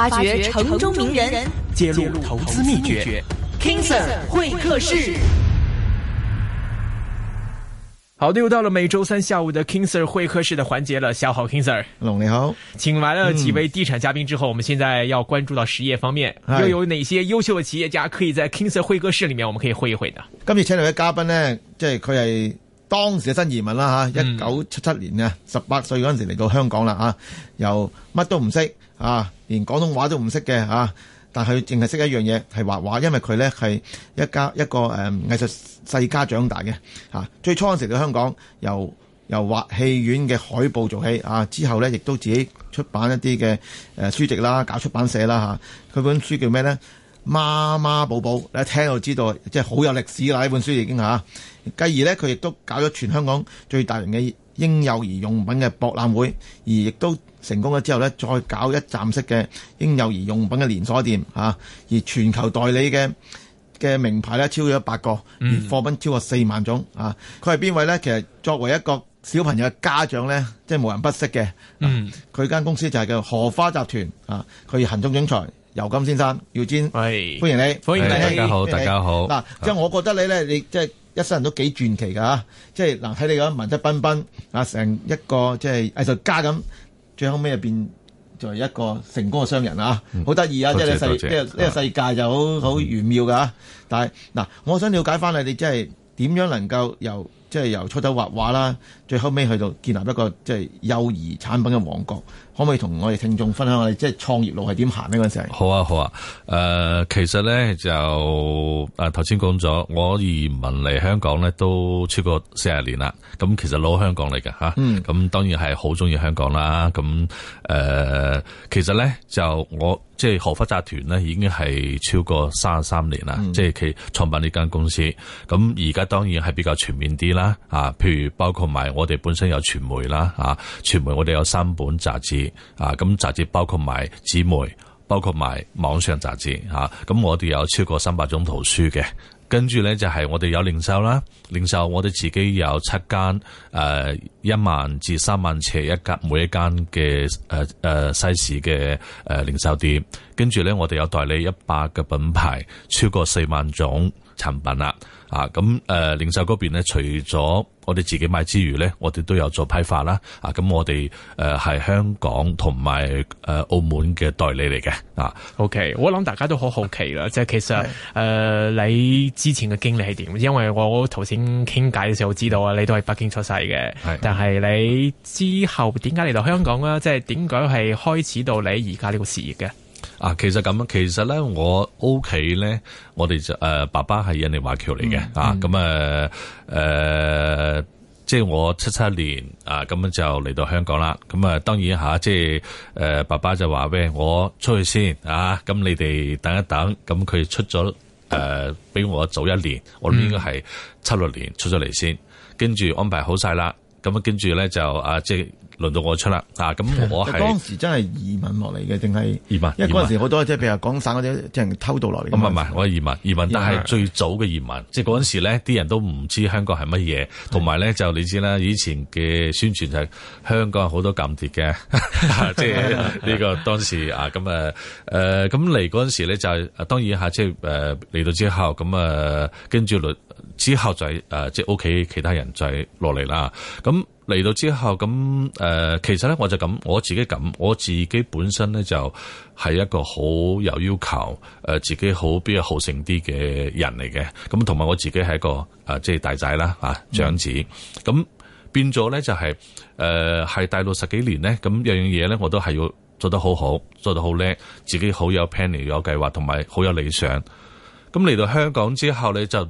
挖掘城中名人，揭露投資秘訣。King Sir 會客室，好的，又到了每周三下午的 King Sir 會客室的環節了。小好，King Sir，龍你好，請來了幾位地產嘉賓之後，嗯、我們現在要關注到實業方面，嗯、又有哪些優秀的企業家可以在 King Sir 會客室裏面我們可以會一會的。今日請嚟嘅嘉賓呢，賓即係佢係當時嘅新移民啦，吓、嗯，一九七七年呀十八歲嗰陣時嚟到香港啦，吓，由乜都唔識。啊！連廣東話都唔識嘅啊，但係淨係識一樣嘢係畫畫，因為佢咧係一家，一，家一個誒、嗯、藝術世家長大嘅啊。最初嗰陣時喺香港，由由畫戲院嘅海報做起啊，之後呢亦都自己出版一啲嘅誒書籍啦，啊，搞出版社啦嚇。佢、啊、本書叫咩呢？媽媽寶寶，你一聽到就知道即係好有歷史啦！呢、啊、本書已經嚇、啊。繼而呢，佢亦都搞咗全香港最大型嘅嬰幼兒用品嘅博覽會，而亦都。成功咗之後呢，再搞一站式嘅嬰幼兒用品嘅連鎖店啊。而全球代理嘅嘅名牌呢，超過一百個，而貨品超過四萬種啊。佢係邊位呢？其實作為一個小朋友嘅家長呢，即係無人不識嘅。啊、嗯，佢間公司就係叫荷花集團啊。佢行政總裁尤金先生，姚堅喂，歡迎你，歡迎你，大家好，hey, 大家好嗱 Hey,。即係我覺得你呢，你即係一生人都幾傳奇㗎嚇、啊。即係嗱，睇你咁文質彬彬啊，成一個即係藝術家咁。最後尾又變作為一個成功嘅商人啊，好得意啊！即係呢世呢呢謝個世界就好好玄妙㗎嚇、啊。嗯、但係嗱，我想了解翻你哋，即係點樣能夠由？即係由初頭畫畫啦，最後尾去到建立一個即係幼兒產品嘅王國，可唔可以同我哋聽眾分享我哋即係創業路係點行咧陣時？好啊，好啊，誒、呃、其實咧就誒頭先講咗，我移民嚟香港咧都超過四十年啦。咁其實老香港嚟嘅嚇，咁、嗯啊、當然係好中意香港啦。咁、啊、誒、呃、其實咧就我即係荷花集團咧已經係超過三十三年啦，嗯、即係其創辦呢間公司。咁而家當然係比較全面啲啦。啊，譬如包括埋我哋本身有傳媒啦，啊，傳媒我哋有三本雜誌，啊，咁雜誌包括埋紙媒，包括埋網上雜誌，吓、啊，咁、嗯、我哋有超過三百種圖書嘅，跟住咧就係、是、我哋有零售啦，零、啊、售我哋自己有七間，誒、啊，一萬至三萬尺一間，每一間嘅誒誒西市嘅誒零售店，跟住咧我哋有代理一百個品牌，超過四萬種。產品啦，啊咁誒，零售嗰邊呢，除咗我哋自己買之餘呢，我哋都有做批發啦，啊咁我哋誒係香港同埋誒澳門嘅代理嚟嘅，啊,啊,啊,啊,啊,啊,啊，OK，我諗大家都好好奇啦，即係、啊、其實誒是、呃、你之前嘅經歷係點？因為我頭先傾偈嘅時候知道啊，你都係北京出世嘅，是但係你之後點解嚟到香港呢？即係點解係開始到你而家呢個事業嘅？啊，其實咁樣，其實咧我屋企咧，我哋就誒、呃，爸爸係印尼華僑嚟嘅啊，咁誒誒，即、就、係、是、我七七年啊，咁樣就嚟到香港啦。咁啊，當然吓，即係誒，爸爸就話咩，我出去先啊，咁你哋等一等，咁、啊、佢出咗誒，比、呃、我早一年，我諗應該係七六年出咗嚟先，跟住、嗯、安排好晒啦，咁跟住咧就啊，即係。輪到我出啦，啊，咁我係當時真係移民落嚟嘅，定係移民？因為嗰陣時好多即係，譬如廣省嗰啲啲人偷渡落嚟。唔係唔係，我係移民，移民，但係最早嘅移民，即係嗰陣時咧，啲人都唔知香港係乜嘢，同埋咧就你知啦，以前嘅宣傳就係香港好多禁鐵嘅，即係呢個當時啊，咁啊誒，咁嚟嗰陣時咧就係當然吓，即係誒嚟到之後咁啊，跟住之後就誒即係屋企其他人就落嚟啦，咁。嚟到之後，咁誒，其實咧，我就咁我自己咁，我自己本身咧就係一個好有要求，誒，自己比較好比個好勝啲嘅人嚟嘅。咁同埋我自己係一個誒，即係大仔啦，啊，長子。咁、嗯、變咗咧、就係，就係誒，喺大陸十幾年咧，咁樣樣嘢咧，我都係要做得好好，做得好叻，自己好有 planning 有計劃，同埋好有理想。咁嚟到香港之後，咧就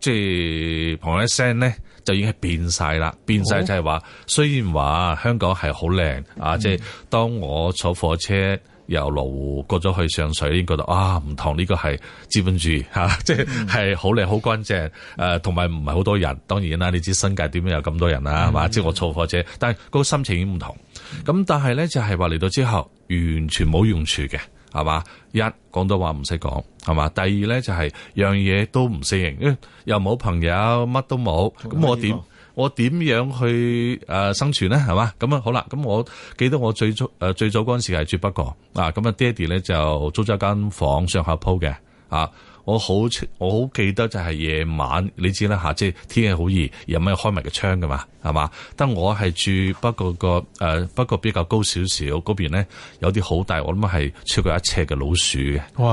即係旁一聲咧。就已經係變晒啦，變晒就係話，哦、雖然話香港係好靚啊，即係當我坐火車由羅湖過咗去上水，已經覺得，啊唔同，呢個係資本主義嚇，即係係好靚好乾淨，誒同埋唔係好多人。當然啦，你知新界點樣有咁多人、嗯、啊？或者我坐火車，但係個心情已經唔同。咁但係咧就係話嚟到之後完全冇用處嘅。係嘛？一，廣東話唔識講，係嘛？第二咧就係、是、樣嘢都唔適應，又冇朋友，乜都冇，咁、嗯、我點、嗯、我點樣去誒、呃、生存咧？係嘛？咁啊好啦，咁我記得我最初誒、呃、最早嗰陣時係住北角，啊，咁啊爹哋咧就租咗一間房上下鋪嘅啊。我好我好記得就係夜晚，你知啦嚇、啊，即係天氣好熱，有咩開埋個窗噶嘛，係嘛？但我係住北角嗰誒，北、呃、角比較高少少，嗰邊咧有啲好大，我諗係超過一尺嘅老鼠嘅。哇！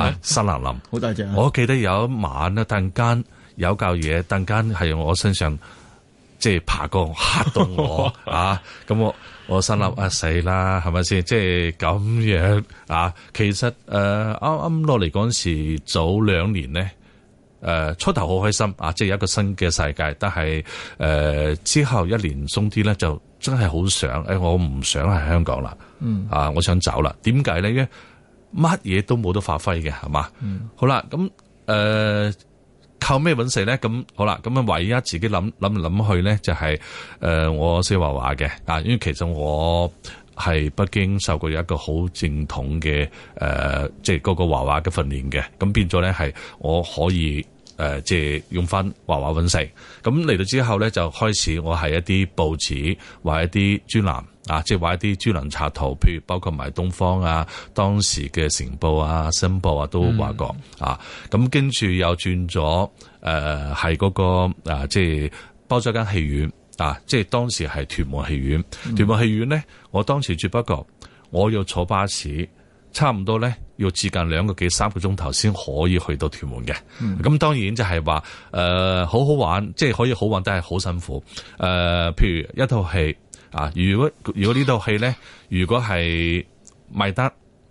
啊，濕、嗯、淋淋、嗯，好大隻、啊。我記得有一晚咧，突然間有嚿嘢突然間係我身上。即係爬高嚇到我 啊！咁我我心諗啊死啦，係咪先？即係咁樣啊？其實誒，啱啱落嚟嗰陣時，早兩年咧誒，出、呃、頭好開心啊！即係有一個新嘅世界，但係誒、呃、之後一年鬆啲咧，就真係好想誒，我唔想喺香港啦，嗯啊，我想走啦。點解咧？因為乜嘢都冇得發揮嘅，係嘛、嗯？嗯，好、嗯、啦，咁、呃、誒。靠咩搵食咧？咁好啦，咁啊，唯一自己諗諗嚟，諗去咧，就係、是、誒、呃，我識畫畫嘅，啊，因為其實我係北京受過一個好正統嘅誒、呃，即係嗰個畫畫嘅訓練嘅，咁變咗咧係我可以誒、呃，即係用翻畫畫搵食。咁嚟到之後咧，就開始我係一啲報紙或一啲專欄。啊！即係話一啲珠林插圖，譬如包括埋東方啊，當時嘅成報啊、新報啊都話過、嗯、啊。咁跟住又轉咗誒、係、呃、嗰、那個啊，即係包咗間戲院啊，即係當時係屯門戲院。嗯、屯門戲院咧，我當時只不過我要坐巴士，差唔多咧要接近兩個幾三個鐘頭先可以去到屯門嘅。咁、嗯、當然就係話誒，好好玩，即係可以好玩，但係好辛苦。誒、呃，譬如一套戲。啊！如果如果呢套戲咧，如果係賣得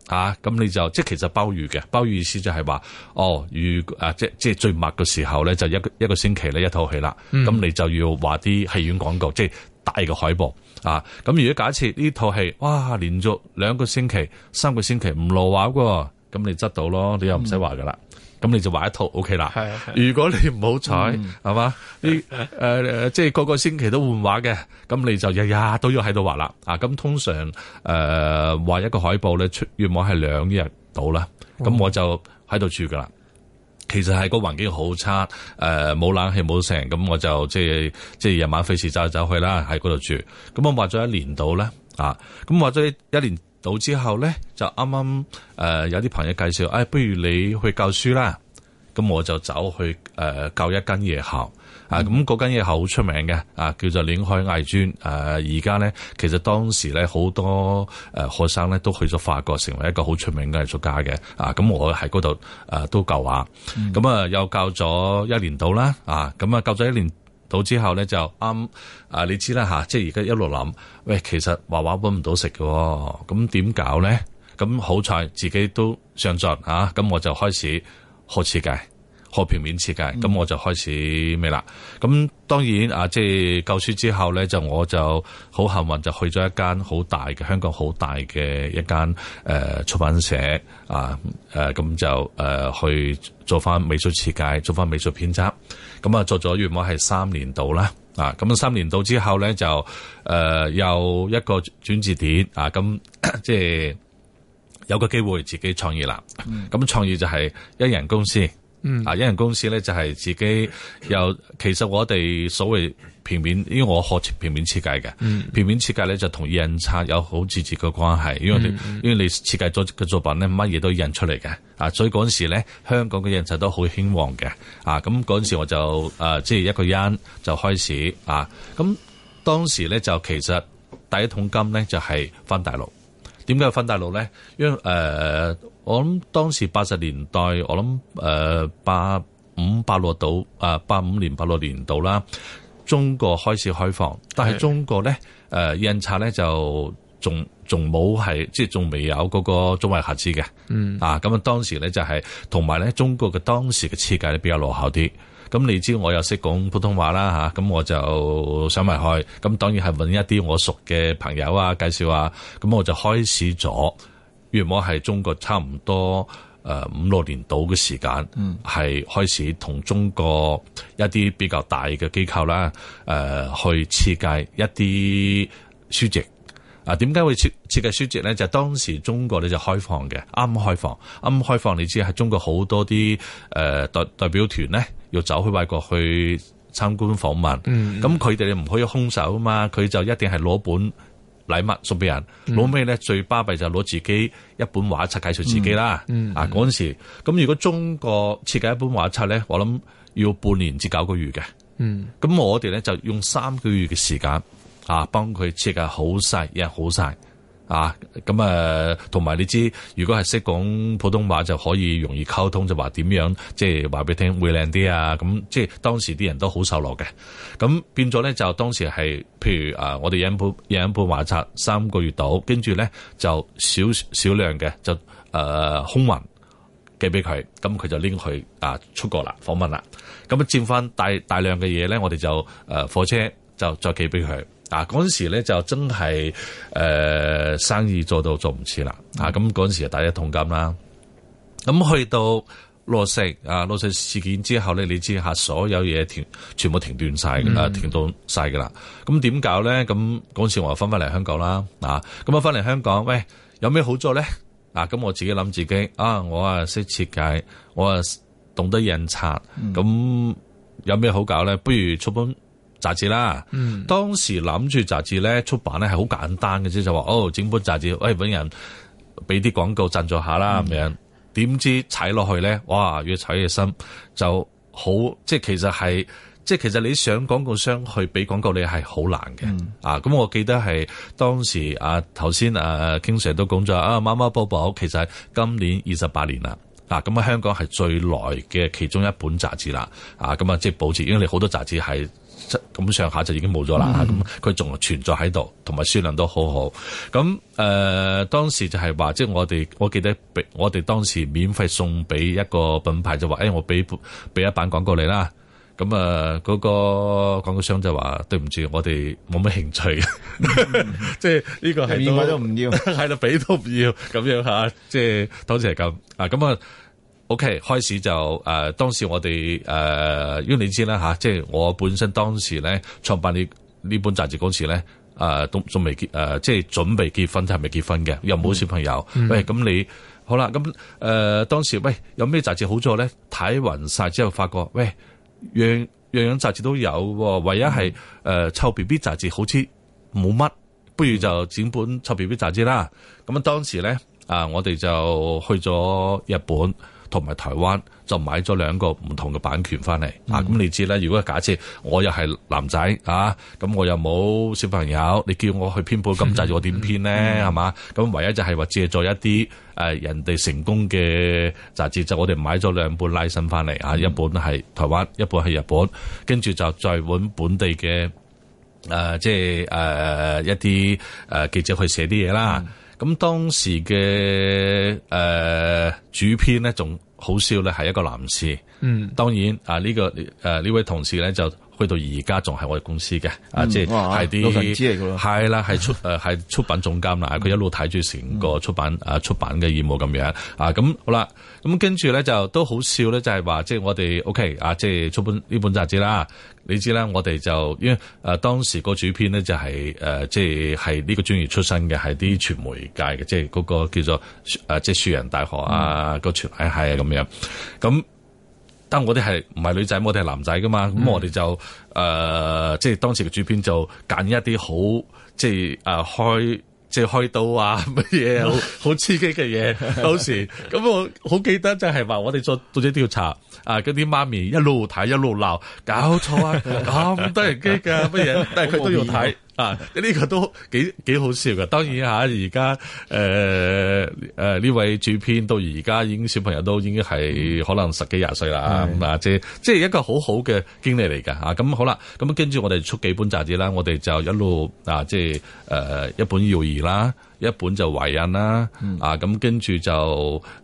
啊，咁你就即係其實包月嘅，包月意思就係話，哦，如誒、啊、即即係最密嘅時候咧，就一個一個星期咧一套戲啦，咁你就要畫啲戲院廣告，即係大嘅海報啊。咁如果假設呢套戲，哇，連續兩個星期、三個星期唔落畫嘅，咁你執到咯，你又唔使畫噶啦。嗯咁你就畫一套 OK 啦。啊啊、如果你唔好彩，係嘛、嗯？啲誒誒，即係個個星期都換畫嘅，咁你就日日都要喺度畫啦。啊，咁通常誒畫、呃、一個海報咧，出願望係兩日到啦。咁我就喺度住噶啦。嗯、其實係個環境好差，誒、呃、冇冷氣冇成，咁我就即係即係夜晚費事走走，走去啦，喺嗰度住。咁我畫咗一年到咧，啊，咁畫咗一年。到之後咧，就啱啱誒有啲朋友介紹，誒、哎、不如你去教書啦，咁我就走去誒、呃、教一間夜校，嗯、啊咁嗰間夜校好出名嘅，啊叫做嶺海藝專。誒而家咧，其實當時咧好多誒、呃、學生咧都去咗法國，成為一個好出名嘅藝術家嘅，啊咁我喺嗰度誒都教畫，咁、嗯、啊又教咗一年到啦，啊咁啊教咗一年。到之後咧，就啱，啊你知啦吓，即係而家一路諗，喂，其實畫畫揾唔到食嘅，咁點搞咧？咁好彩自己都上進吓，咁我就開始學設計。破平面設計，咁我就開始咩啦。咁當然啊，即係教書之後咧，就我就好幸運，就去咗一間好大嘅香港好大嘅一間誒出版社啊。誒，咁就誒去做翻美術設計，做翻美術編輯。咁啊，做咗原本係三年度啦。啊，咁、啊啊嗯、三年度、啊、之後咧，就誒、啊、有一個轉折點啊。咁即係有個機會自己創業啦。咁創業就係一人公司。嗯，啊，一人公司咧就係自己又，其實我哋所謂平面，因為我學平面設計嘅，嗯、平面設計咧就同印刷有好直接嘅關係，因為你因為你設計咗嘅作品咧，乜嘢都印出嚟嘅，啊，所以嗰陣時咧，香港嘅印刷都好興旺嘅，啊，咁嗰陣時我就誒，即、呃、係一個人就開始啊，咁當時咧就其實第一桶金咧就係翻大陸，點解要翻大陸咧？因為誒。呃我諗當時八十年代，我諗誒八五八六到啊，八五年八六年度啦，中國開始開放，但係中國咧誒印刷咧就仲仲冇係即係仲未有嗰個中外合資嘅，嗯啊咁啊當時咧就係同埋咧中國嘅當時嘅設計咧比較落後啲，咁你知我又識講普通話啦吓，咁我就想埋開，咁當然係搵一啲我熟嘅朋友啊介紹啊，咁我就開始咗。原本係中國差唔多誒五六年度嘅時間，係、嗯、開始同中國一啲比較大嘅機構啦，誒、呃、去設計一啲書籍。啊，點解會設設計書籍咧？就是、當時中國咧就開放嘅，啱開放，啱開放你知係中國好多啲誒代代表團咧要走去外國去參觀訪問。咁佢哋唔可以空手啊嘛，佢就一定係攞本。禮物送俾人，攞咩咧？最巴閉就攞自己一本畫冊介紹自己啦。啊、嗯、嗰、嗯、陣時，咁如果中國設計一本畫冊咧，我諗要半年至九個月嘅。嗯，咁我哋咧就用三個月嘅時間，啊，幫佢設計好晒，嘢好晒。啊，咁、嗯、啊，同埋你知，如果係識講普通話就可以容易溝通，就話點樣，即係話俾你聽會靚啲啊！咁、嗯、即係當時啲人都好受落嘅，咁、嗯、變咗咧就當時係譬如啊，我哋印一本印一本畫冊三個月度，跟住咧就少少量嘅就誒、呃、空運寄俾佢，咁、嗯、佢就拎去啊出國啦訪問啦，咁啊佔翻大大量嘅嘢咧，我哋就誒、呃、火車就再寄俾佢。嗱，嗰陣、啊、時咧就真係誒、呃、生意做到做唔切、嗯啊、啦，啊咁嗰陣就第一桶金啦，咁去到落西啊落西事件之後咧，你知下所有嘢停，全部停斷晒㗎啦，停頓晒㗎啦，咁點搞咧？咁嗰陣時我又翻翻嚟香港啦，啊咁啊翻嚟香港，喂有咩好做咧？啊咁我自己諗自己啊，我啊識設計，我啊懂得印刷，咁、嗯啊、有咩好搞咧？不如出本雜誌啦，嗯、當時諗住雜誌咧出版咧係好簡單嘅啫，就話哦整本雜誌，喂，搵人俾啲廣告贊助下啦。咁啊、嗯，點知踩落去咧，哇，越踩越深，就好即係其實係即係其實你想廣告商去俾廣告你，你係好難嘅啊。咁我記得係當時啊，頭先啊，King Sir 都講咗啊，媽媽寶寶其實今年二十八年啦，嗱咁啊，香港係最耐嘅其中一本雜誌啦，啊咁啊，即係保持，因為你好多雜誌係。咁上下就已經冇咗啦，咁佢仲存在喺度，同埋銷量都好好。咁誒、呃、當時就係話，即係我哋，我記得，我哋當時免費送俾一個品牌，就話，誒、欸，我俾俾一版廣告你啦。咁啊，嗰、呃那個廣告商就話，對唔住，我哋冇乜興趣。 mm hmm. 即係呢個係免費都唔要，係啦， 俾都唔要，咁樣吓、啊。即係當時係咁啊，咁啊。OK，開始就誒。當時我哋誒，因為你知啦嚇，即係我本身當時咧創辦呢呢本雜誌公司咧，誒都仲未結誒，即係準備結婚，都係未結婚嘅，又冇小朋友。喂，咁你好啦，咁誒當時喂有咩雜誌好做咧？睇勻晒之後，發覺喂，樣樣雜誌都有，唯一係誒湊 B B 雜誌好似冇乜，不如就剪本湊 B B 雜誌啦。咁啊，當時咧啊，我哋就去咗日本。同埋台灣就買咗兩個唔同嘅版權翻嚟、嗯、啊！咁你知啦，如果假設我又係男仔啊，咁我又冇小朋友，你叫我去編本雜誌，我點編呢？係嘛？ 咁唯一就係話借助一啲誒、呃、人哋成功嘅雜誌，就我哋買咗兩本拉伸翻嚟啊！一本係台灣，一本係日本，跟住就再揾本地嘅誒、呃，即係誒、呃、一啲誒、呃、記者去寫啲嘢啦。嗯。咁當時嘅誒、呃、主編咧，仲好笑咧，係一個男士。嗯，當然啊，呢、這個誒呢、啊、位同事咧就，去到而家仲係我哋公司嘅，啊、嗯，即係啲係啦，係出誒係出版總監啦，佢 一路睇住成個出版誒出版嘅業務咁樣，啊，咁、嗯、好啦，咁跟住咧就都好笑咧，就係話即係我哋 O K 啊，即、okay, 係出本呢本雜誌啦，你知啦，我哋就因為誒當時主、就是呃就是、個主編咧就係誒即係係呢個專業出身嘅，係啲傳媒界嘅，即係嗰個叫做誒即係樹仁大學啊、那個傳係係咁樣咁。啊那個我哋係唔係女仔，我哋係男仔噶嘛，咁、嗯嗯、我哋就誒、呃，即係當時嘅主編就揀一啲好，即係誒、啊、開即係開刀啊乜嘢，好刺激嘅嘢，到時咁我好記得就係話我哋做做咗調查，啊嗰啲媽咪一路睇一路鬧，搞錯啊，咁多人機噶乜嘢，但係佢都要睇。 啊！呢、這個都幾幾好笑噶。當然吓、啊，而家誒誒呢位主編到而家，已經小朋友都已經係可能十幾廿歲、啊嗯、啦。啊，即即係一個好好嘅經歷嚟噶。啊、呃，咁好啦。咁跟住我哋出幾本雜誌啦。我哋就一路啊，即係誒一本育兒啦，一本就懷孕啦。啊，咁跟住就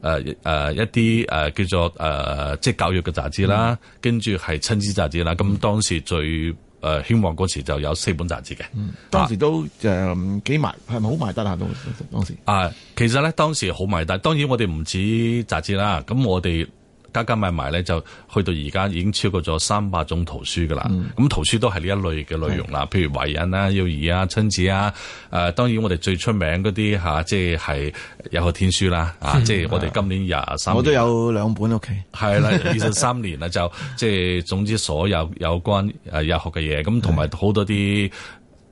誒誒、呃、一啲誒叫做誒、呃、即教育嘅雜誌啦。跟住係親子雜誌啦。咁、啊啊、當時最。誒興、呃、旺嗰時就有四本雜誌嘅、嗯，當時都誒幾賣，係咪好賣得啊、呃？當時啊，其實咧當時好賣得，當然我哋唔止雜誌啦，咁我哋，加加埋埋咧，就去到而家已經超過咗三百種圖書噶啦。咁、嗯、圖書都係呢一類嘅內容啦，的譬如懷孕啦、幼兒啊、親子啊。誒、呃，當然我哋最出名嗰啲嚇，即係日學天書啦。啊，即係、 啊、我哋今年廿三 我都有兩本屋企。係、okay、啦，二十三年啦，就即係總之所有有關誒日學嘅嘢，咁同埋好多啲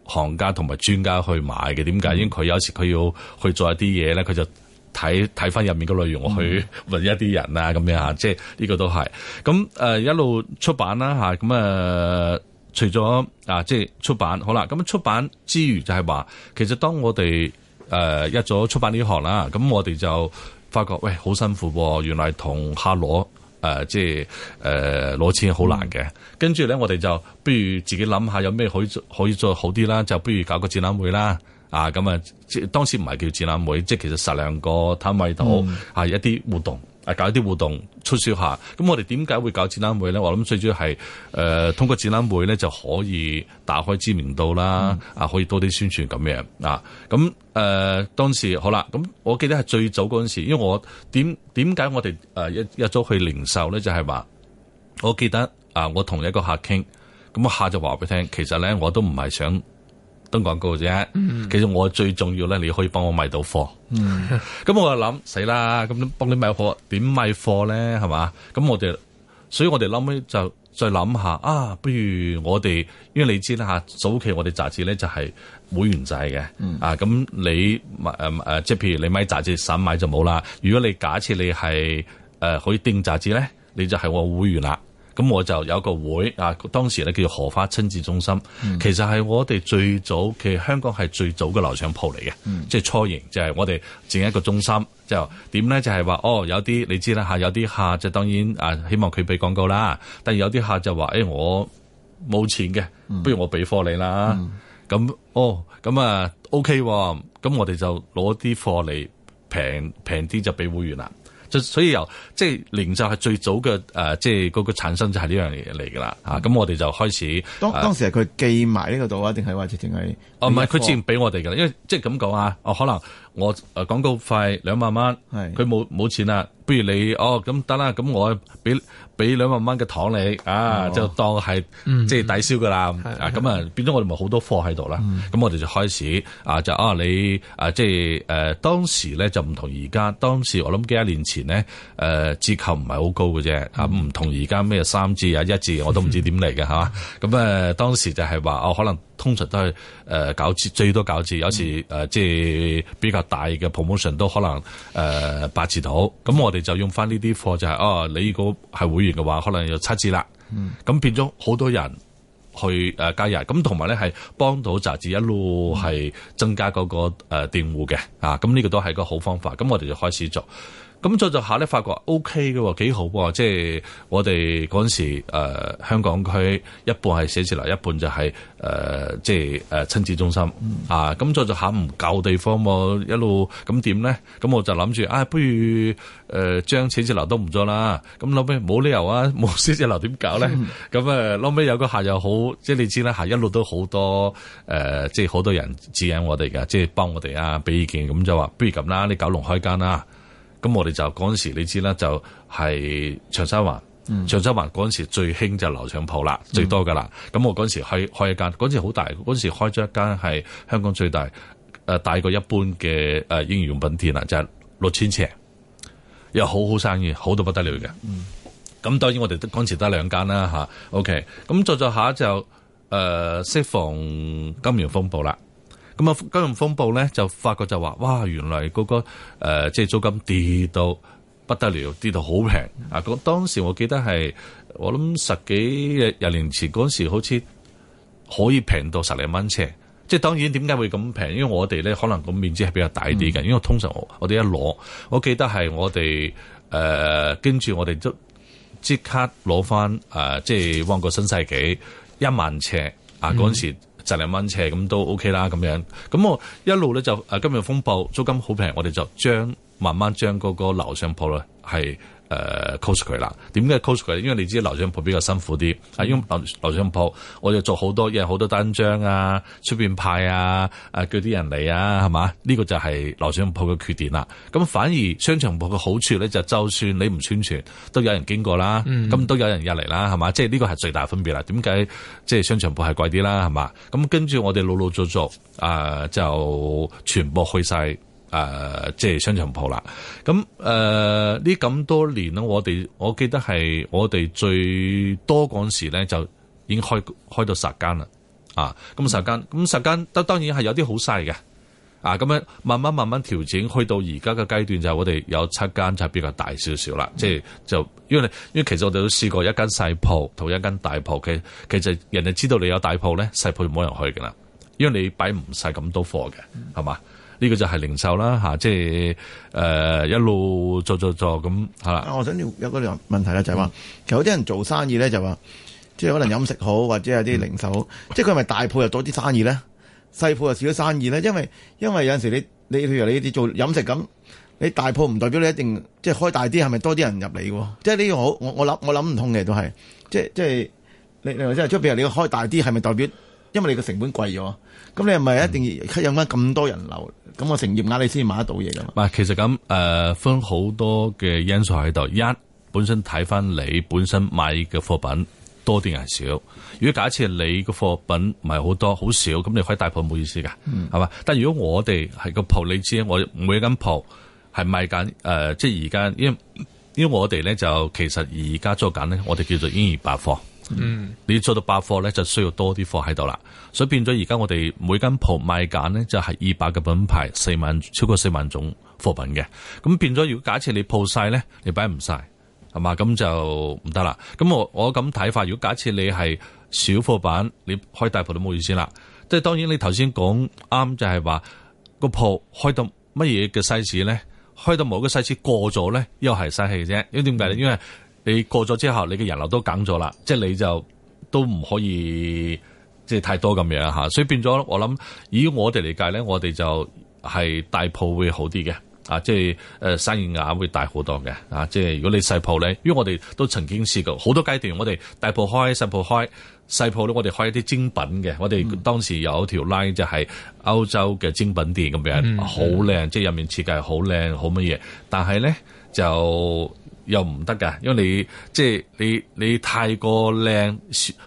行家同埋專家去買嘅。點解？因為佢有時佢要去做一啲嘢咧，佢就。睇睇翻入面嘅內容，我去揾一啲人啊，咁樣吓，即係呢個都係咁誒，一路出版啦吓，咁啊，除咗啊，即係出版好啦，咁出版之餘就係話，其實當我哋誒入咗出版呢行啦，咁我哋就發覺喂，好辛苦噃，原來同下攞誒，即係誒攞錢好難嘅，嗯、跟住咧，我哋就不如自己諗下有咩可以做，可以做好啲啦，就不如搞個展覽會啦。啊，咁啊，即當時唔係叫展覽會，即係其實十兩個攤位度，係、嗯啊、一啲活動，啊搞一啲活動，促銷下。咁我哋點解會搞展覽會咧？我諗最主要係，誒、呃、通過展覽會咧就可以打開知名度啦，嗯、啊可以多啲宣傳咁樣啊。咁、啊、誒、啊、當時好啦，咁我記得係最早嗰陣時，因為我點點解我哋誒一早去零售咧，就係、是、話，我記得啊，我同一個客傾，咁個客就話俾我聽，其實咧我都唔係想。登廣告啫，嗯、其實我最重要咧，你可以幫我賣到貨。咁、嗯、我就諗死啦，咁幫你賣貨點賣貨咧，係嘛？咁我哋，所以我哋諗咧就再諗下啊，不如我哋，因為你知啦吓，早期我哋雜誌咧就係會員制嘅、嗯、啊，咁你誒誒、呃，即係譬如你買雜誌省買就冇啦。如果你假設你係誒、呃、可以定雜誌咧，你就係我無語啦。咁我就有個會啊，當時咧叫做荷花親子中心，嗯、其實係我哋最早，其實香港係最早嘅樓上鋪嚟嘅，嗯、即係初型就係、是、我哋整一個中心，就點咧就係、是、話哦，有啲你知啦嚇，有啲客就當然啊，希望佢俾廣告啦，但係有啲客就話誒、哎、我冇錢嘅，不如我俾貨你啦，咁、嗯嗯、哦咁啊 OK 喎、哦，咁我哋就攞啲貨嚟平平啲就俾會員啦。所以由即係零售係最早嘅誒、呃，即係嗰、嗰個產生就係呢樣嘢嚟噶啦，嗯、啊咁我哋就開始。當當時係佢寄埋呢個度啊，定係話直情係？哦，唔係，佢之前俾我哋噶，因為即係咁講啊，哦可能我誒廣、呃、告費兩萬蚊，係佢冇冇錢啦，不如你哦咁得啦，咁我俾。俾兩萬蚊嘅糖你，啊就當係即係抵消噶啦，啊咁啊變咗我哋咪好多貨喺度啦，咁我哋就開始啊就啊你啊即係誒當時咧就唔同而家，當時我諗幾多年前咧誒折扣唔係好高嘅啫，啊唔、啊、同而家咩三折啊一折我都唔知點嚟嘅嚇嘛，咁誒、嗯啊啊、當時就係話哦可能。通常都係誒搞折最多搞折，有時誒、呃、即係比較大嘅 promotion 都可能誒、呃、八折到，咁我哋就用翻呢啲貨就係、是、哦，你如果係會員嘅話，可能有七折啦。嗯，咁變咗好多人去誒、呃、加入，咁同埋咧係幫到雜誌一路係增加嗰個店戶嘅啊，咁呢個都係個好方法，咁我哋就開始做。咁再做下咧，發覺 O K 嘅喎，幾好喎！即係我哋嗰陣時、呃，香港區一半係寫字樓，一半就係、是、誒、呃、即係誒、呃、親子中心啊！咁再做下唔夠地方喎，一路咁點咧？咁我就諗住啊，不如誒、呃、將寫字樓都唔做啦。咁諗尾冇理由啊，冇寫字樓點搞咧？咁啊， 諗尾有個客又好，即係你知啦，客一路都好多誒、呃，即係好多人指引我哋嘅，即係幫我哋啊，俾意見咁就話，不如咁啦，你九龍開間啦。咁我哋就嗰陣時，你知啦，就係、是、長沙灣、嗯、長沙灣嗰陣時最興就樓上鋪啦，最多噶啦。咁我嗰陣時開，開一間，嗰陣時好大，嗰陣時開咗一間係香港最大、誒、呃、大過一般嘅誒嬰兒用品店啦，就係六千尺，又好好生意，好到不得了嘅。咁、嗯、當然我哋嗰陣時得兩間啦吓、啊。OK，咁再再下就誒適逢金融風暴啦。咁啊，金融風暴咧就發覺就話，哇！原來嗰、那個、呃、即係租金跌到不得了，跌到好平啊！嗰當時我記得係，我諗十幾廿年前嗰時好似可以平到十零蚊尺。即係當然點解會咁平？因為我哋咧可能個面積係比較大啲嘅，嗯、因為通常我哋一攞，我記得係我哋誒跟住我哋都即刻攞翻誒，即係旺角新世紀一萬尺啊！嗰陣時、嗯。十零蚊斜咁都 OK 啦，咁樣，咁我一路咧就誒、啊、金融風暴租金好平，我哋就將慢慢將嗰個樓上鋪咧係。誒 close 佢啦，點解 close 佢？因為你知樓上鋪比較辛苦啲，啊，因為樓樓上鋪我就做好多嘢，好多單張啊，出邊派啊，啊叫啲人嚟啊，係嘛？呢、呢個就係樓上鋪嘅缺點啦。咁反而商場鋪嘅好處咧，就就算你唔宣傳，都有人經過啦，咁、嗯、都有人入嚟啦，係嘛？即係呢個係最大分別啦。點解即係商場鋪係貴啲啦？係嘛？咁跟住我哋老老做做啊、呃，就全部去晒。誒、呃，即係商場鋪啦。咁、嗯、誒、呢、呃、咁多年咧，我哋我記得係我哋最多嗰陣時咧，就已經開開到十間啦。啊、咁、嗯、十間，咁十間都當然係有啲好細嘅。啊，咁樣慢慢慢慢調整，去到而家嘅階段就我哋有七間就係比較大少少啦。嗯、即係就因為因為其實我哋都試過一間細鋪同一間大鋪嘅，其實人哋知道你有大鋪咧，細鋪就冇人去噶啦。因為你擺唔晒咁多貨嘅，係嘛？呢個就係零售啦，嚇、啊，即係誒、呃、一路做做做咁嚇、啊。我想要有個問題啦，就係、是、話，嗯、其實有啲人做生意咧，就話、是、即係可能飲食好，或者有啲零售好，嗯、即係佢係咪大鋪又多啲生意咧，細鋪又少咗生意咧？因為因為有陣時你你譬如你啲做飲食咁，你大鋪唔代表你一定即係開大啲係咪多啲人入嚟嘅？即係呢個好，我我諗我諗唔通嘅都係，即係即係你你即係，即係譬如，如你開大啲係咪代表，因為你個成本貴咗？咁你係咪一定要吸引翻咁多人流？咁我成業額你先買得到嘢噶嘛？唔係，其實咁誒、呃，分好多嘅因素喺度。一本身睇翻你本身買嘅貨品多啲定係少。如果假設你嘅貨品唔係好多，好少，咁你可以大鋪冇意思噶，係嘛？嗯、但係如果我哋係個鋪，你知我每一間鋪係賣緊誒、呃，即係而家因為因為我哋咧就其實而家做緊咧，我哋叫做嬰兒百貨。嗯，你做到百貨咧，就需要多啲貨喺度啦，所以變咗而家我哋每間鋪賣揀咧，就係二百個品牌，四萬超過四萬種貨品嘅，咁變咗如果假設你鋪晒咧，你擺唔曬係嘛，咁就唔得啦。咁我我咁睇法，如果假設你係小貨品，你開大鋪都冇意思啦。即係當然你頭先講啱，就係、是、話、那個鋪開到乜嘢嘅細市咧，開到某個細市過咗咧，又係嘥氣嘅啫。因為點解咧？因為、嗯你過咗之後，你嘅人流都減咗啦，即係你就都唔可以即係太多咁樣吓，所以變咗我諗，以我哋嚟計咧，我哋就係大鋪會好啲嘅，啊，即係誒、呃、生意額會大好多嘅，啊，即係如果你細鋪咧，因為我哋都曾經試過好多階段，我哋大鋪開、細鋪開、細鋪咧，我哋開一啲精品嘅，我哋當時有一條 line 就係歐洲嘅精品店咁樣，好靚，即係入面設計好靚，好乜嘢，但係咧就。又唔得噶，因為你即係你你太過靚，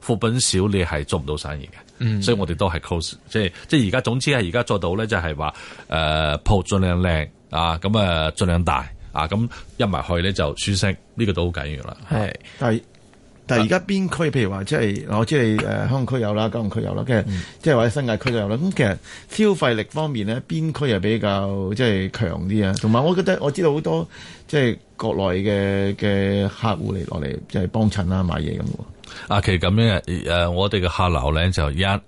貨品少，你係做唔到生意嘅。嗯，所以我哋都係 close，即係即係而家總之係而家做到咧，就係話誒鋪盡量靚啊，咁啊盡量大啊，咁入埋去咧就舒適，呢個都好緊要啦。係係、啊。係。但係而家邊區，譬如話即係我知你誒香港區有啦，九龍區有啦，跟住即係或者新界區都有啦。咁其實消費力方面咧，邊區係比較即係、就是、強啲啊。同埋我覺得我知道好多即係、就是、國內嘅嘅客戶嚟落嚟即係幫襯啦、買嘢咁嘅喎。啊，其實咁樣誒、呃，我哋嘅客流咧就一誒、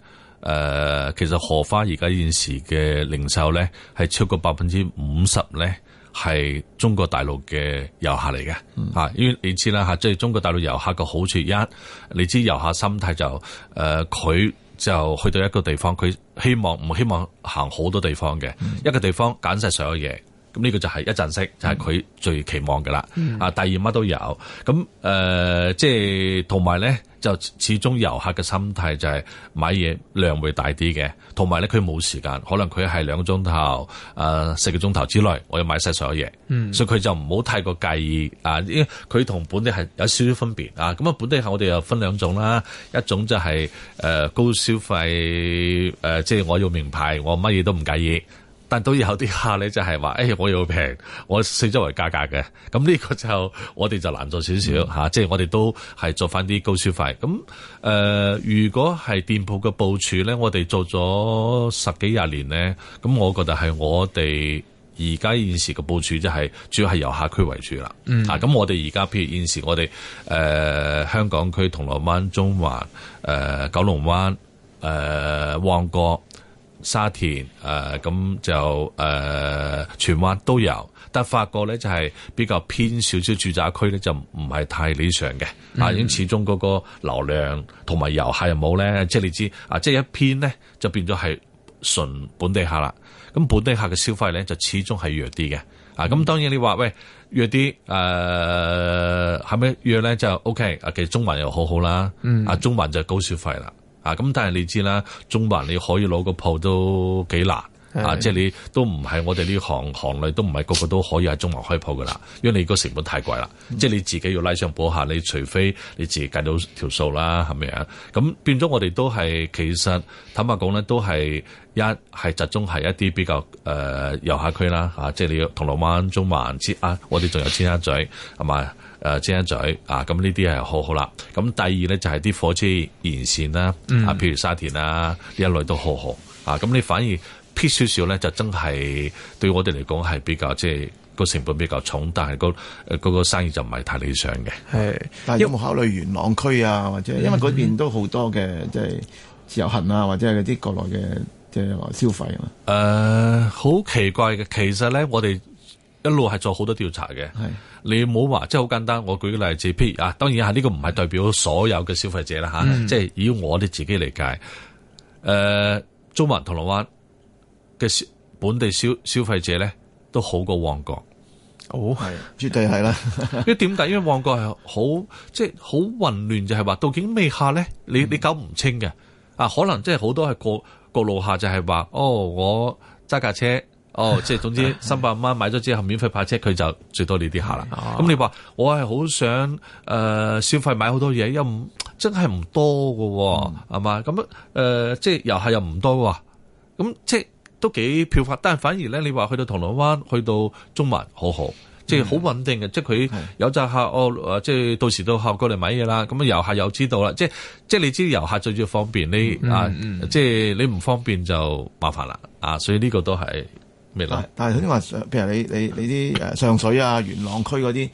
呃，其實荷花而家現時嘅零售咧係超過百分之五十咧。呢係中國大陸嘅遊客嚟嘅。吓、嗯，因為你知啦，吓，即係中國大陸遊客嘅好處一，你知遊客心態就是，誒、呃，佢就去到一個地方，佢希望唔希望行好多地方嘅，嗯、一個地方揀晒所有嘢。咁呢個就係一陣式，就係、是、佢最期望嘅啦。嗯、啊，第二乜都有，咁誒、呃，即係同埋咧，就始始終遊客嘅心態就係買嘢量會大啲嘅，同埋咧佢冇時間，可能佢係兩個鐘頭，誒、呃、四個鐘頭之內，我要買晒所有嘢，嗯、所以佢就唔好太過介意啊！因佢同本地係有少少分別啊。咁啊，本地客我哋又分兩種啦，一種就係、是、誒、呃、高消費，誒、呃、即係我要名牌，我乜嘢都唔介意。但都有啲客咧，就係話，誒，我要平，我四周圍價格嘅。咁呢個就我哋就難做少少嚇，即係我哋都係做翻啲高消費。咁誒、呃，如果係店鋪嘅部署咧，我哋做咗十幾廿年咧，咁我覺得係我哋而家現時嘅部署，就係主要係遊客區為主啦。嗯。咁、啊、我哋而家，譬如現時我哋誒、呃、香港區、銅鑼灣、中環、誒、呃、九龍灣、誒旺角。沙田誒咁、呃、就誒荃、呃、灣都有，但係發覺咧就係比較偏少少住宅區咧，就唔係太理想嘅。啊、嗯，因為始終嗰個流量同埋遊客又冇咧，即係你知啊，即係一偏咧就變咗係純本地客啦。咁本地客嘅消費咧就始終係弱啲嘅。啊、嗯，咁當然你話喂弱啲誒係咪弱咧就 OK 啊？其實中環又好好啦，啊中環就高消費啦。嗯嗯。啊，咁但係你知啦，中環你可以攞個鋪都幾難，的啊，即係你都唔係我哋呢行行類都唔係個個都可以喺中環開鋪嘅啦，因為你個成本太貴啦，嗯、即係你自己要拉上補下，你除非你自己計到條數啦，係咪啊？咁變咗我哋都係其實坦白講咧，都係一係集中係一啲比較誒遊客區啦，啊，即係你要銅鑼灣、中環、尖、啊、沙，我哋仲有尖沙咀，係咪？誒，尖、呃、嘴啊！咁呢啲係好好啦。咁第二咧，就係啲火車沿線啦，啊，譬如沙田啊，一類都好好。啊，咁你反而 p 少少咧，就真係對我哋嚟講係比較即係個成本比較重，但係個生意就唔係太理想嘅。係，但係有冇考慮元朗區啊或？或者因為嗰邊都好多嘅即係自由行啊，或者係嗰啲國內嘅即係消費啊？誒、嗯、好、呃、奇怪嘅，其實咧我哋。一路係做好多調查嘅，你唔好話，即係好簡單。我舉個例子，譬如啊，當然係呢個唔係代表所有嘅消費者啦，吓，即係以我哋自己理解。誒，中環銅鑼灣嘅本地消消費者咧，都好過旺角。哦，係絕對係啦。因為點解？因為旺角係好，即係好混亂，就係話究竟咩客咧？你你搞唔清嘅。啊，可能即係好多係過過路客，就係話哦，我揸架車。哦，即係總之三百五蚊買咗之後免費派車，佢就最多、啊、你啲客啦。咁你話我係好想誒、呃、消費買好多嘢，又唔真係唔多嘅、哦，係嘛、嗯？咁誒、呃，即係遊客又唔多、哦，咁即係都幾票法。但係反而咧，你話去到銅鑼灣，去到中環，好好，嗯、即係好穩定嘅。即係佢有扎客，我、哦、即係到時到客過嚟買嘢啦。咁啊遊客又知道啦，即係即係你知遊客最主要方便你、嗯嗯、啊，即係你唔方便就麻煩啦啊。所以呢個都係。未，但係好似話，譬如你你你啲誒上水啊、元朗區嗰啲。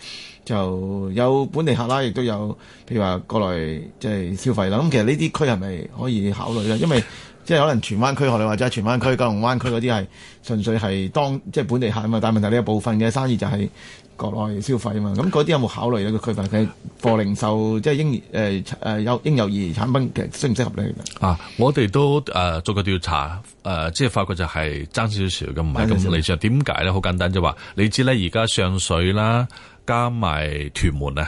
就有本地客啦，亦都有，譬如話國內即係消費啦。咁其實呢啲區係咪可以考慮咧？因為即係可能荃灣區，我哋話齋荃灣區、九龍灣區嗰啲係純粹係當即係本地客啊嘛。但係問題呢有部分嘅生意就係國內消費啊嘛。咁嗰啲有冇考慮呢個區分嘅貨零售，即係嬰誒誒幼嬰幼兒產品，其實適唔適合你？啊，我哋都誒、呃、做過調查誒、呃，即係發覺就係爭少少嘅，唔係咁理想。點解咧？好簡單，就話你知咧，而家上水啦。加埋屯門咧，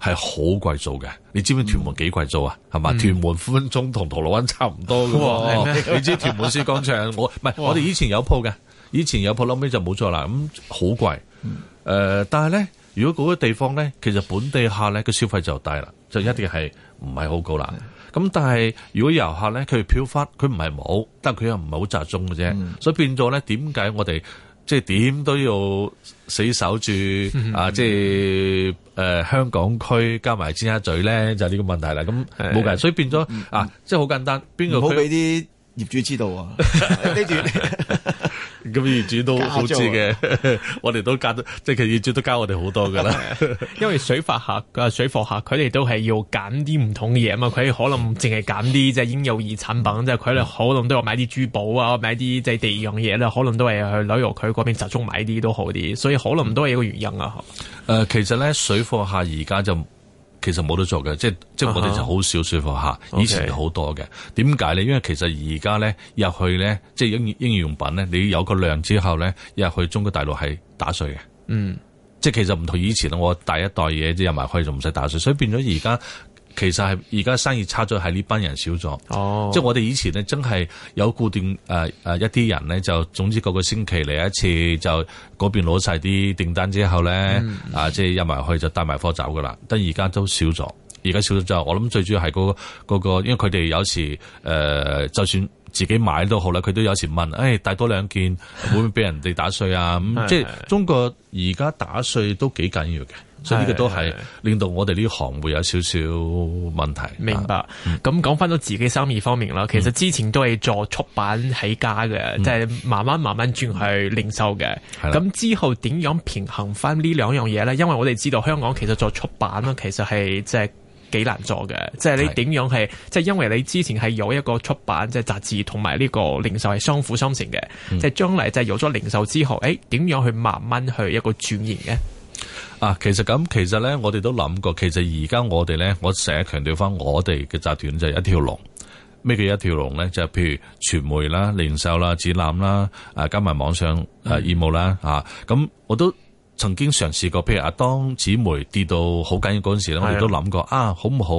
係好貴租嘅。你知唔知屯門幾貴租啊？係嘛、嗯？屯門分分鐘同銅鑼灣差唔多嘅，哦。你知屯門市廣場， 我唔係哇我哋以前有鋪嘅，以前有鋪嗰啲就冇咗啦。咁好貴。誒、呃，但係咧，如果嗰個地方咧，其實本地客咧，個消費就低啦，就一定係唔係好高啦。咁、嗯、但係如果遊客咧，佢飄忽，佢唔係冇，但佢又唔係好集中嘅啫，所以變咗咧，點解我哋？即係點都要死守住、嗯、啊！即係誒、呃，香港區加埋尖沙咀咧，就呢、是、個問題啦。咁冇計，所以變咗、嗯、啊！即係好簡單，邊、嗯、個唔好俾啲業主知道啊？呢段。咁業主都好似嘅，加我哋 都教得，即係其實業主都加我哋好多噶啦。因為水貨客啊，水貨客，佢哋都係要揀啲唔同嘢嘛，佢可能淨係揀啲即係嬰幼兒產品，即係佢哋可能都有買啲珠寶啊，買啲即係第二樣嘢咧，可能都係去旅遊區嗰邊集中買啲都好啲，所以可能都係一個原因啊。誒、嗯，其實咧水貨客而家就。其實冇得做嘅，即係即係我哋就好少說服吓，以前好多嘅。點解咧？因為其實而家咧，入去咧，即係嬰嬰兒用品咧，你有個量之後咧，入去中國大陸係打稅嘅。嗯，即係其實唔同以前我帶一袋嘢，即係入埋去就唔使打稅，所以變咗而家。 其實係而家生意差咗，係呢班人少咗。哦、即係我哋以前咧，真係有固定誒誒、呃、一啲人咧，就總之個個星期嚟一次，就嗰邊攞晒啲訂單之後咧，嗯、啊即係入埋去就帶埋貨走噶啦。但而家都少咗，而家少咗就我諗最主要係嗰嗰個，因為佢哋有時誒、呃，就算自己買都好啦，佢都有時問，誒帶多兩件會唔會俾人哋打稅啊？咁、 嗯、即係是中國而家打稅都幾緊要嘅。所以呢個都係令到我哋呢行會有少少問題。明白。咁講翻到自己生意方面啦，嗯、其實之前都係做出版起家嘅，即係、嗯、慢慢慢慢轉去零售嘅。咁、嗯、之後點樣平衡翻呢兩樣嘢咧？因為我哋知道香港其實做出版啦，其實係即係幾難做嘅。即係你點樣係即係，是因為你之前係有一個出版即係、即係、雜誌同埋呢個零售係相輔相成嘅。即係將來就係有咗零售之後，誒、欸，點樣去慢慢去一個轉型嘅？啊，其實咁，其實咧，我哋都諗過，其實而家我哋咧，我成日強調返，我哋嘅集團就係一條龍。咩叫一條龍咧？就係譬如傳媒啦、零售啦、展覽啦、啊、啦，啊，加埋網上誒業務啦，吓。咁我都曾經嘗試過，譬如阿、啊、當紙媒跌到好緊要嗰陣時咧，我哋都諗過，啊，好唔好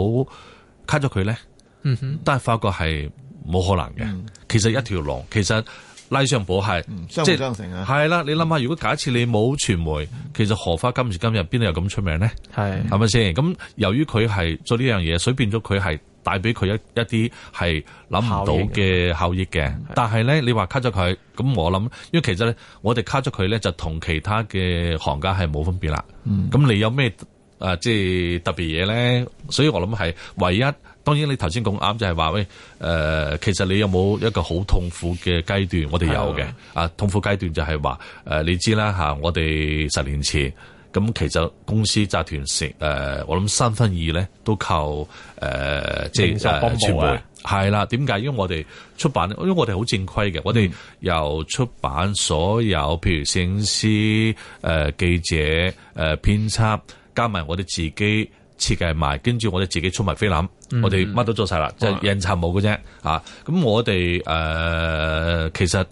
cut 咗佢咧？嗯、哼。但係發覺係冇可能嘅，其實一條龍，其實。拉上火係，嗯相成啊、即係相係啦，你諗下，如果假設你冇傳媒，其實荷花今時今日邊度有咁出名咧？係係咪先？咁由於佢係做呢樣嘢，所以變咗佢係帶俾佢一一啲係諗唔到嘅效益嘅。但係咧，你話 cut 咗佢，咁我諗，因為其實咧，我哋 cut 咗佢咧，就同其他嘅行家係冇分別啦。咁、嗯、你有咩誒、呃？即係特別嘢咧？所以我諗係唯一。當然，你頭先講啱，就係、是、話喂，誒、呃，其實你有冇一個好痛苦嘅階段？我哋有嘅的啊，痛苦階段就係話誒，你知啦吓、啊，我哋十年前咁、嗯，其實公司集團成誒、呃，我諗三分二咧都靠誒、呃，即係誒全部係啦。點解？因為我哋出版，因為我哋好正規嘅，我哋由出版所有，譬如攝影師、誒、呃、記者、誒編輯，加埋我哋自己設計埋，跟住我哋自己出埋菲林。 我哋乜都做晒啦，即係印刷冇嘅啫。哇啊，咁我哋誒、呃，其實誒、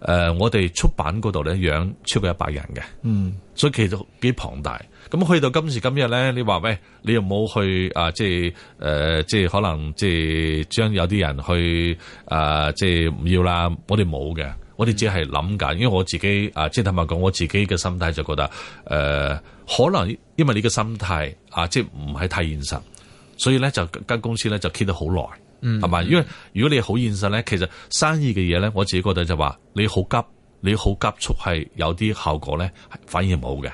呃，我哋出版嗰度咧養超過一百人嘅，嗯，所以其實幾龐大。咁去到今時今日咧，你話喂，你又冇去，啊、呃、去啊？即係誒，即係可能即係將有啲人去誒即係唔要啦。我哋冇嘅，我哋只係諗緊。因為我自己啊，即係坦白講，我自己嘅心態就覺得誒、呃，可能因為你嘅心態啊，啊，即係唔係太現實。所以咧就間公司咧就 keep 得好耐，嗯，係嘛？因為如果你好現實咧，其實生意嘅嘢咧，我自己覺得就話、係、你好急，你好急促係有啲效果咧，反而冇嘅。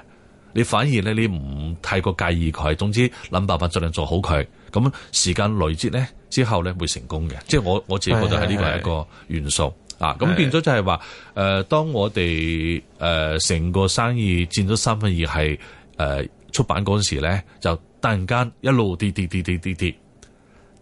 你反而咧，你唔太過介意佢，總之諗辦法盡量做好佢。咁時間累積咧之後咧會成功嘅。嗯、即係我我自己覺得係呢個係一個元素是是是是啊。咁變咗就係話誒，當我哋誒成個生意佔咗三分二係誒、呃、出版嗰陣時咧就。突然間一路跌跌跌跌跌跌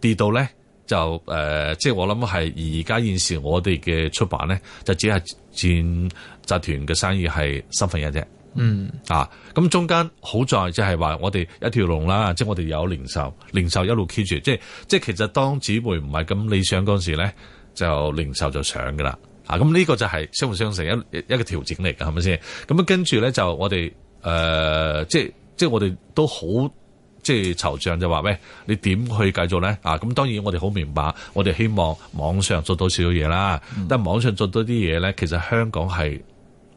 跌到咧就，誒、呃，即係我諗係而家現時我哋嘅出版咧，就只係佔集團嘅生意係三分一啫，嗯啊。嗯啊，咁中間好在即係話我哋一條龍啦，即係我哋有零售，零售一路 keep 住，即係即係其實當姊妹唔係咁理想嗰時咧，就零售就上噶啦。啊、咁、嗯、呢、這個就係相輔相成一一個調整嚟噶，係咪先？咁啊、嗯，跟住咧就我哋誒、呃，即係即係我哋都好。即係惆悵就話、是、咩？你點去繼續咧？啊！咁當然我哋好明白，我哋希望網上做多少少嘢啦。嗯、但係網上做多啲嘢咧，其實香港係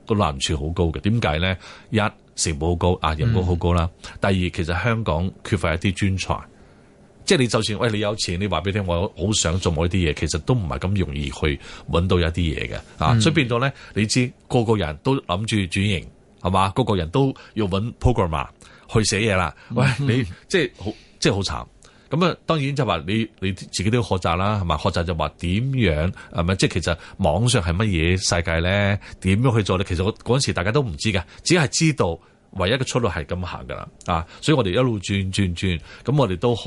個難處好高嘅。點解咧？一成本好高，人、啊、工好高啦。嗯、第二，其實香港缺乏一啲專才。即係你就算喂、哎、你有錢，你話俾你聽，我好想做我啲嘢，其實都唔係咁容易去揾到一啲嘢嘅啊。所以變咗咧，你知個個人都諗住轉型係嘛？個個人都要揾 programmer 啊！去寫嘢啦！喂，你即係好，即係好慘。咁啊，當然就話你你自己都要學習啦，係嘛？學習就話點樣，係咪？即係其實網上係乜嘢世界咧？點樣去做咧？其實我嗰陣時大家都唔知嘅，只係知道唯一嘅出路係咁行噶啦。啊，所以我哋一路轉轉轉，咁我哋都好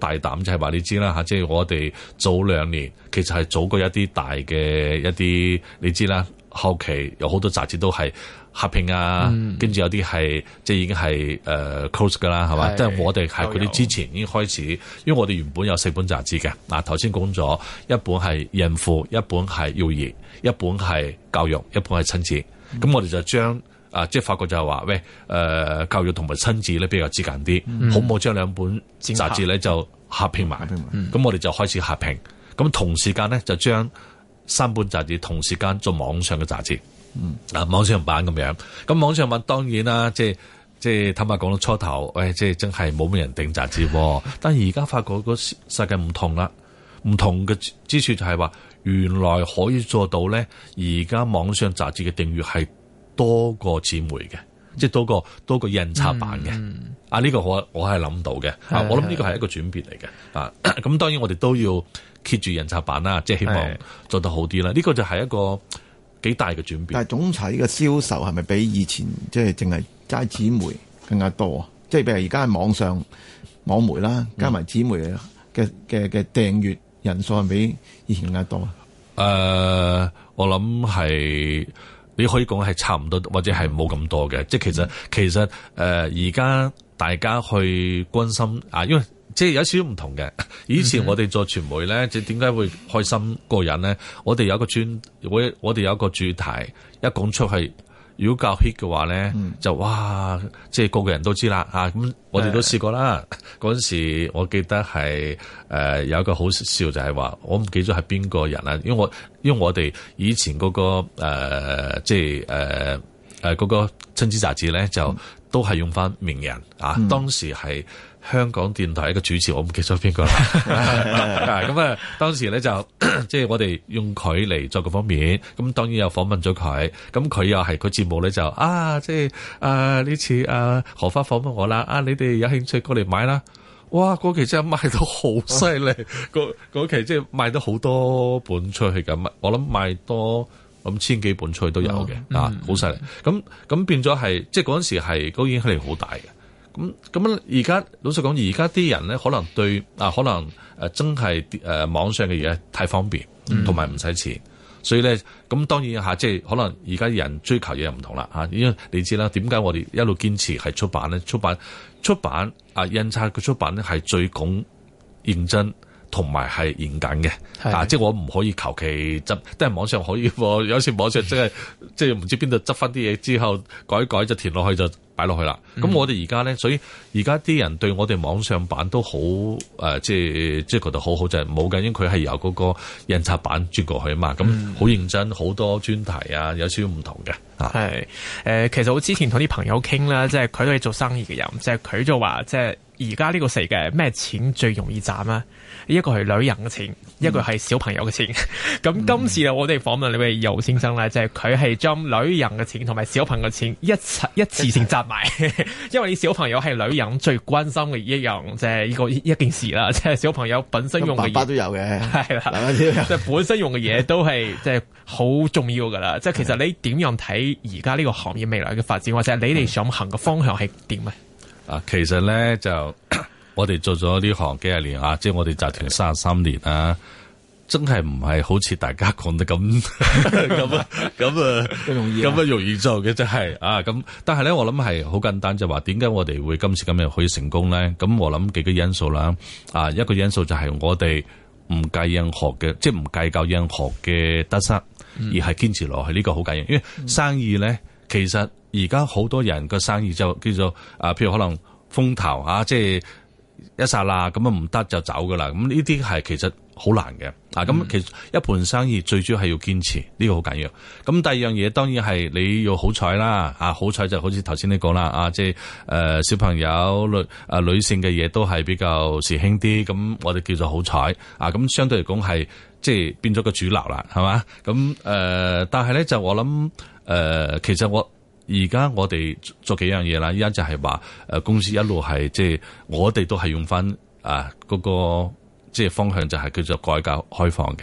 大膽，就係話你知啦吓。即係我哋早兩年其實係早過一啲大嘅一啲，你知啦。後期有好多雜誌都係。合併啊，跟住、嗯、有啲係即係已經係誒、呃、close 㗎喇，係嘛？即係是我哋係佢啲之前已經開始，因為我哋原本有四本雜誌嘅嗱，頭先講咗一本係孕婦，一本係幼兒，一本係教育，一本係親子。咁、嗯、我哋就將誒、呃、即係發覺就係話，喂誒、呃、教育同埋親子咧比較接近啲，嗯、好唔好將兩本雜誌咧就合併埋？咁、嗯、我哋就開始合併，咁同時間咧就將三本雜誌同時間做網上嘅雜誌。嗯，啊網上版咁樣，咁網上版當然啦，即係即係坦白講到初頭，誒、哎，即係真係冇咩人訂雜誌，嗯、但而家發覺個世界唔同啦，唔同嘅之處就係、是、話，原來可以做到咧，而家網上雜誌嘅訂閱係多過紙媒嘅，即係多過多過印刷版嘅，嗯、啊呢、這個我我係諗到嘅，我諗呢個係一個轉變嚟嘅，啊咁當然我哋都要 keep 住印刷版啦，即係希望做得好啲啦，呢個就係一個。幾大嘅轉變？但係總體嘅銷售係咪比以前，即係淨係齋紙媒更加多啊？即係譬如而家係網上網媒啦，加埋紙媒嘅嘅嘅訂閱人數係咪比以前更加多啊？誒、嗯呃，我諗係你可以講係差唔多，或者係冇咁多嘅。即係其實其實誒，而、呃、家大家去關心啊，因為。即係有少少唔同嘅。以前我哋做傳媒咧，即係點解會開心過癮咧？我哋有一個專，我我哋有一個主題，一講出去，如果夠 hit 嘅話咧，嗯、就哇！即係個個人都知啦啊！咁、嗯、我哋都試過啦。嗰陣、嗯、時我記得係誒、呃、有一個好笑就係、是、話，我唔記得係邊個人啦，因為我因為我哋以前嗰、那個誒、呃、即係誒誒嗰個親子雜誌咧，就都係用翻名人啊，嗯、當時係。香港電台一個主持，我唔記得咗邊個啦。咁啊，當時咧就咳咳即係我哋用佢嚟作個方面。咁當然又訪問咗佢，咁佢又係個節目咧就啊，即係誒呢次誒荷、啊、花訪問我啦。啊，你哋有興趣過嚟買啦？哇，嗰期真係賣到好犀利，嗰、哦、 期即係賣到好多本出去咁。我諗賣多咁千幾本出去都有嘅、哦嗯、啊，好犀利。咁咁、嗯、變咗係，即係嗰陣時係個影響力好大嘅。咁咁而家老實講，而家啲人咧，可能對啊，可能誒，真係誒，網上嘅嘢太方便，同埋唔使錢，嗯、所以咧，咁當然吓、啊，即係可能而家啲人追求嘢唔同啦吓、啊。因為你知啦，點解我哋一路堅持係出版咧？出版，出版啊，印刷嘅出版咧係最講認真。同埋係嚴謹嘅，是啊！即係我唔可以求其執，即係網上可以。有時網上真、就、係、是、 即係唔知邊度執翻啲嘢之後改一改就填落去就擺落去啦。咁、嗯、我哋而家咧，所以而家啲人對我哋網上版都好誒、呃，即係即係覺得好好，就係冇緊，因為佢係由嗰個印刷版轉過去啊嘛。咁好、嗯、認真，好多專題啊，有少少唔同嘅嚇。係、嗯呃、其實我之前同啲朋友傾啦，即係佢都係做生意嘅人，即係佢就話，即係而家呢個世界，咩錢最容易賺啊？一個係女人嘅錢，嗯、一個係小朋友嘅錢。咁 今次啊，我哋訪問你位尤先生咧，即係佢係將女人嘅錢同埋小朋友嘅錢一齊一，起一次性集埋， 因為你小朋友係女人最關心嘅一樣，即係呢個一,一件事啦。即、就、係、是、小朋友本身用嘅嘢，嗯、爸爸都有嘅，係啦的，即係 本身用嘅嘢都係即係好重要噶啦。即、就、係、是、其實你點樣睇而家呢個行業未來嘅發展，或者你哋想行嘅方向係點啊？啊、嗯，其實咧就。我哋做咗呢行幾廿年啊，即係我哋集團三十三年啊，真係唔係好似大家講得咁咁啊咁啊咁啊容易做嘅，真係啊咁，但係咧我諗係好簡單，就話點解我哋會今次咁樣可以成功咧？咁我諗幾個因素啦，啊一個因素就係我哋唔計任何嘅，即係唔計較任何嘅得失，而係堅持落去呢、呢個好緊要，因為生意咧其實而家好多人個生意就叫做啊，譬如可能風投啊，即係。一剎啦，咁啊唔得就走噶啦，咁呢啲係其實好難嘅啊。咁、嗯、其實一盤生意最主要係要堅持，呢個好緊要。咁第二樣嘢當然係你要好彩啦啊，好彩就好似頭先你講啦啊，即係誒小朋友女啊、呃、女性嘅嘢都係比較時興啲，咁我哋叫做好彩啊。咁相對嚟講係即係變咗個主流啦，係嘛？咁、啊、誒，但係咧就我諗誒、呃，其實我。而家我哋做幾樣嘢啦，而家就係話，誒公司一路係即係我哋都係用翻誒嗰個即係方向，就係叫做改革開放嘅。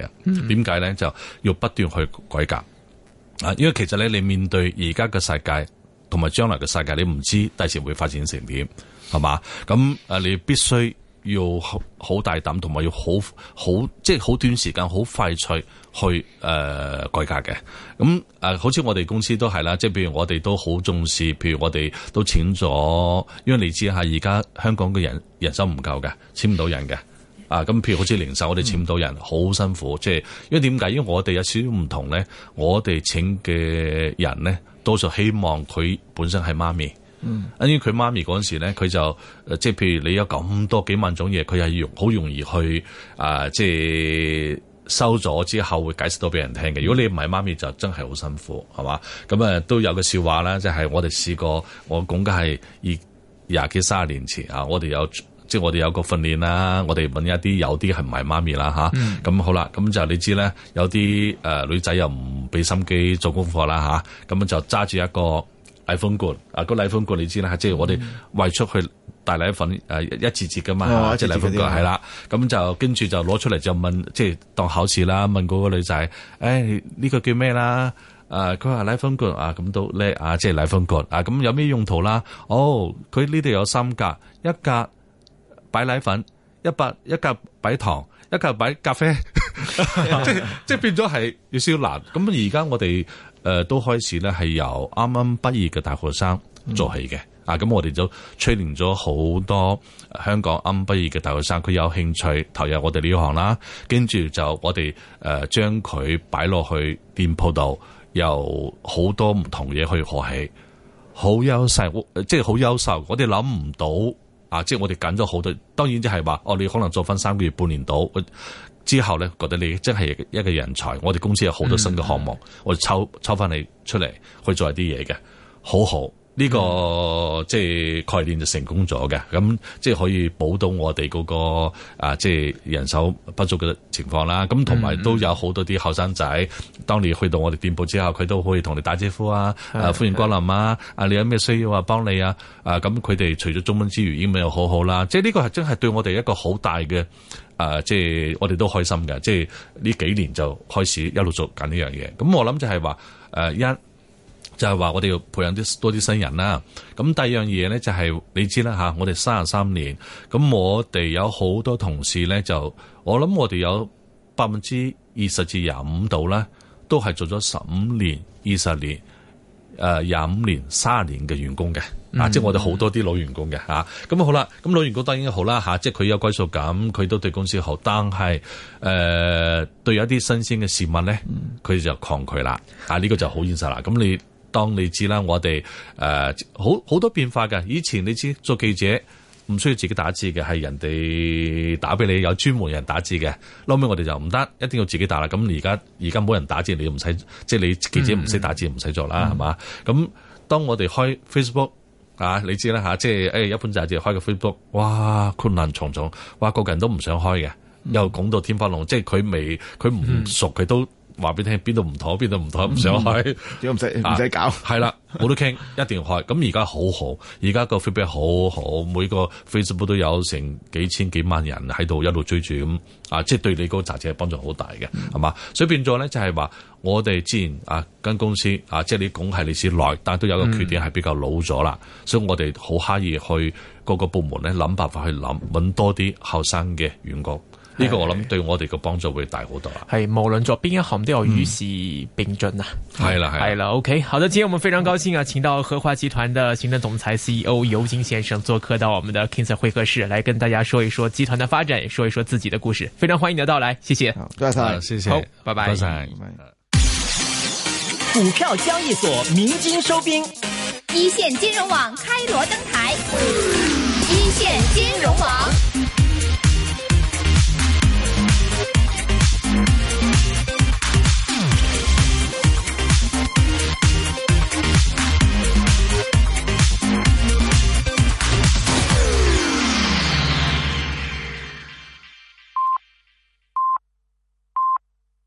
點解咧？就要不斷去改革啊！因為其實咧，你面對而家嘅世界，同埋將來嘅世界，你唔知第時會發展成點，係嘛？咁誒，你必須要好好大膽，同埋要好好即係好短時間，好快脆。去誒、呃、改革嘅，咁誒、呃、好似我哋公司都係啦，即係譬如我哋都好重視，譬如我哋都請咗，因為你知啦吓，而家香港嘅人人手唔夠嘅，請唔到人嘅，啊咁，譬如好似零售，我哋請唔到人，好、嗯、辛苦，即係因為點解？因為我哋有少少唔同咧，我哋請嘅人咧，多數希望佢本身係媽咪，嗯，因為佢媽咪嗰陣時咧，佢就即係譬如你有咁多幾萬種嘢，佢係好容易去啊、呃，即係。收咗之後會解釋到俾人聽嘅。如果你唔係媽咪，就真係好辛苦，係嘛？咁誒都有個笑話啦，就係、是、我哋試過，我講緊係二廿幾、三十年前啊，我哋有即係我哋有個訓練啦，我哋問一啲有啲係唔係媽咪啦嚇。咁、啊嗯、好啦，咁就你知咧，有啲誒、呃、女仔又唔俾心機做功課啦嚇，咁、啊、就揸住一個奶粉罐啊、那個奶粉罐，你知啦，即、就、係、是、我哋喂出去。大奶粉誒一節節嘅嘛，啊、即奶粉罐係啦，咁、嗯、就跟住就攞出嚟就問，即、就是、當考試啦，問嗰個女仔，誒、哎、呢、呢個叫咩啦？誒佢話奶粉罐啊，咁都叻啊，即奶粉罐啊，咁有咩用途啦？哦，佢呢度有三格，一格擺奶粉，一格一格擺糖，一格擺咖啡，即即變咗係要燒難。咁而家我哋誒都開始咧係由啱啱畢業嘅大學生做起嘅。嗯。啊！咁我哋就訓練咗好多香港啱畢業嘅大學生，佢有興趣投入我哋呢行啦，跟住就我哋誒將佢擺落去店鋪度，有好多唔同嘢去學起，好優秀，即係好優秀。我哋諗唔到啊！即係我哋揀咗好多，當然即係話哦，你可能做翻三個月、半年到之後咧，覺得你真係一個人才。我哋公司有好多新嘅項目，嗯、我哋抽抽翻你出嚟去做一啲嘢嘅，好好。呢個即係概念就成功咗嘅，咁即係可以補到我哋嗰個啊，即係人手不足嘅情況啦。咁同埋都有好多啲後生仔，當你去到我哋店鋪之後，佢都可以同你打招呼啊，嗯、歡迎光臨啊，啊，你有咩需要啊，幫你啊，啊，咁佢哋除咗中文之餘，英文又好好啦、這個呃。即係呢個係真係對我哋一個好大嘅啊，即係我哋都開心嘅。即係呢幾年就開始一路做緊呢樣嘢。咁我諗就係話，誒、呃、一。就係話我哋要培養啲多啲新人啦。咁第二樣嘢咧就係、是、你知啦嚇，我哋卅三年，咁我哋有好多同事咧，就我諗我哋有百分之二十至廿五度咧，都係做咗十五年、二十年、誒廿五年、卅年嘅員工嘅、嗯啊就是，啊，即係我哋好多啲老員工嘅嚇。咁好啦，咁老員工當然好啦嚇，即係佢有歸屬感，佢都對公司好。但係誒、呃、對一啲新鮮嘅事物咧，佢、嗯、就抗拒啦。啊，呢、這個就好現實啦。咁你。當你知啦，我哋誒、呃、好好多變化嘅。以前你知做記者唔需要自己打字嘅，係人哋打俾你，有專門人打字嘅。後尾我哋就唔得，一定要自己打啦。咁而家而家冇人打字，你又唔使即係你記者唔識打字、嗯、就唔使做啦，係嘛、嗯？咁當我哋開 Facebook 啊，你知啦嚇、啊，即係誒、哎、一本雜誌開個 Facebook，哇，困難重重，哇個個人都唔想開嘅，又講到天花龍，即係佢未佢唔熟佢都。嗯話俾你聽，邊度唔妥，邊度唔妥，唔想去，最好唔使唔使搞。係啦、 啊，我都傾，一定要開。咁而家好好，而家個 feedback 好好，每個 Facebook 都有成幾千幾萬人喺度一路追住咁啊！即係對你嗰個雜誌係幫助好大嘅，係嘛、嗯？所以變咗咧，就係話我哋之前啊，間公司啊，即係你講係歷史耐，但係都有個缺點係比較老咗啦，嗯、所以我哋好刻意去各個部門咧諗辦法去諗搵多啲後生嘅員工。呢個我諗對我哋嘅幫助會大好多啦。係無論做邊一行都要與時並進啊。係啦係啦，OK。好咁，今天，我們非常高興啊，請到荷花集團的行政總裁 CEO 尤金，uh、先生做客到我們的 King Sir 會客室，來跟大家說一說集團的發展，說一說自己的故事。非常歡迎你的到來，嗯、謝謝。多謝，謝謝，好，拜拜。股票交易所鳴金收兵，一綫金融網開鑼登台，一綫金融網。